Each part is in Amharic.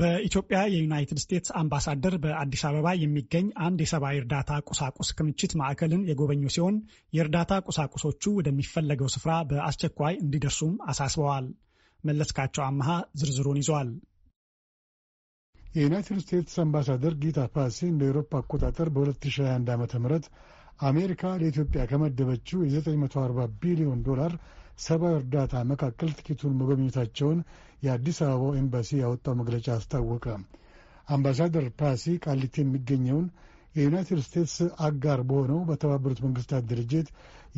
በኢትዮጵያ የዩናይትድ ስቴትስ አምባሳደር በአዲስ አበባ የሚገኝ አንድ የሰብአዊ እርዳታ ቁሳቁስ ክምችት ማዕከልን የጎበኙ ሲሆን የእርዳታ ቁሳቁሶቹ ወደሚፈለገው ስፍራ በአስቸኳይ እንዲደርሱም አሳስበዋል። መለስካቸው አመሃ ዝርዝሩን ይዟል። የዩናይትድ ስቴትስ አምባሳደር ጊታ ፓሲ እንደ ኤሮፓ አቆጣጠር በ2021 ዓ ም አሜሪካ ለኢትዮጵያ ከመደበችው የ940 ቢሊዮን ዶላር ሰብአዊ እርዳታ መካከል ጥቂቱን መጎብኘታቸውን የአዲስ አበባው ኤምባሲ ያወጣው መግለጫ አስታወቀ። አምባሳደር ፓሲ ቃሊቲ የሚገኘውን የዩናይትድ ስቴትስ አጋር በሆነው በተባበሩት መንግስታት ድርጅት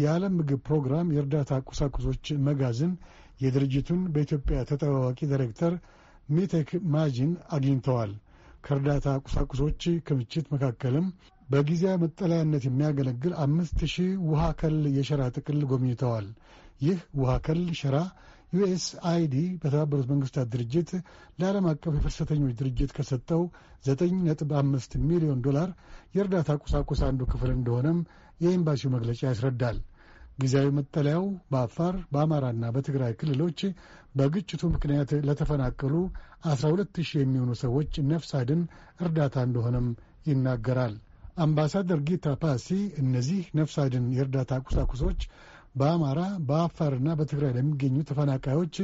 የዓለም ምግብ ፕሮግራም የእርዳታ ቁሳቁሶች መጋዘን የድርጅቱን በኢትዮጵያ ተጠባባቂ ዳይሬክተር ሚቴክ ማጂን አግኝተዋል። ከእርዳታ ቁሳቁሶች ክምችት መካከልም በጊዜያዊ መጠለያነት የሚያገለግል አምስት ሺህ ውሃ ከል የሸራ ጥቅል ጎብኝተዋል። ይህ ውሃ ከል ሸራ ዩኤስ አይዲ በተባበሩት መንግስታት ድርጅት ለዓለም አቀፍ የፍልሰተኞች ድርጅት ከሰጠው 9.5 ሚሊዮን ዶላር የእርዳታ ቁሳቁስ አንዱ ክፍል እንደሆነም የኤምባሲው መግለጫ ያስረዳል። ጊዜያዊ መጠለያው በአፋር በአማራና በትግራይ ክልሎች በግጭቱ ምክንያት ለተፈናቀሉ 12 ሺህ የሚሆኑ ሰዎች ነፍስ አድን እርዳታ እንደሆነም ይናገራል። አምባሳደር ጊታ ፓሲ እነዚህ ነፍስ አድን የእርዳታ ቁሳቁሶች በአማራ በአፋርና በትግራይ ለሚገኙ ተፈናቃዮች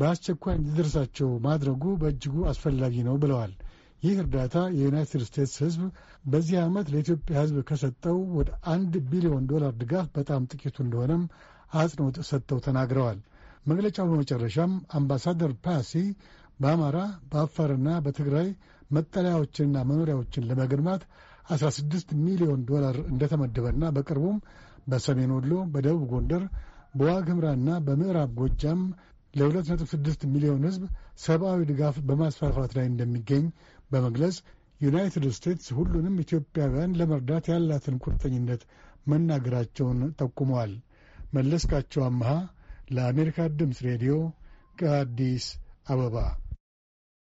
በአስቸኳይ እንዲደርሳቸው ማድረጉ በእጅጉ አስፈላጊ ነው ብለዋል። ይህ እርዳታ የዩናይትድ ስቴትስ ሕዝብ በዚህ ዓመት ለኢትዮጵያ ሕዝብ ከሰጠው ወደ አንድ ቢሊዮን ዶላር ድጋፍ በጣም ጥቂቱ እንደሆነም አጽንኦት ሰጥተው ተናግረዋል። መግለጫው በመጨረሻም አምባሳደር ፓሲ በአማራ በአፋርና በትግራይ መጠለያዎችንና መኖሪያዎችን ለመገንባት 16 ሚሊዮን ዶላር እንደተመደበና በቅርቡም በሰሜን ወሎ፣ በደቡብ ጎንደር፣ በዋግምራ ኽምራና በምዕራብ ጎጃም ለ2.6 ሚሊዮን ሕዝብ ሰብአዊ ድጋፍ በማስፋፋት ላይ እንደሚገኝ በመግለጽ ዩናይትድ ስቴትስ ሁሉንም ኢትዮጵያውያን ለመርዳት ያላትን ቁርጠኝነት መናገራቸውን ጠቁመዋል። መለስካቸው አመሃ ለአሜሪካ ድምፅ ሬዲዮ ከአዲስ አበባ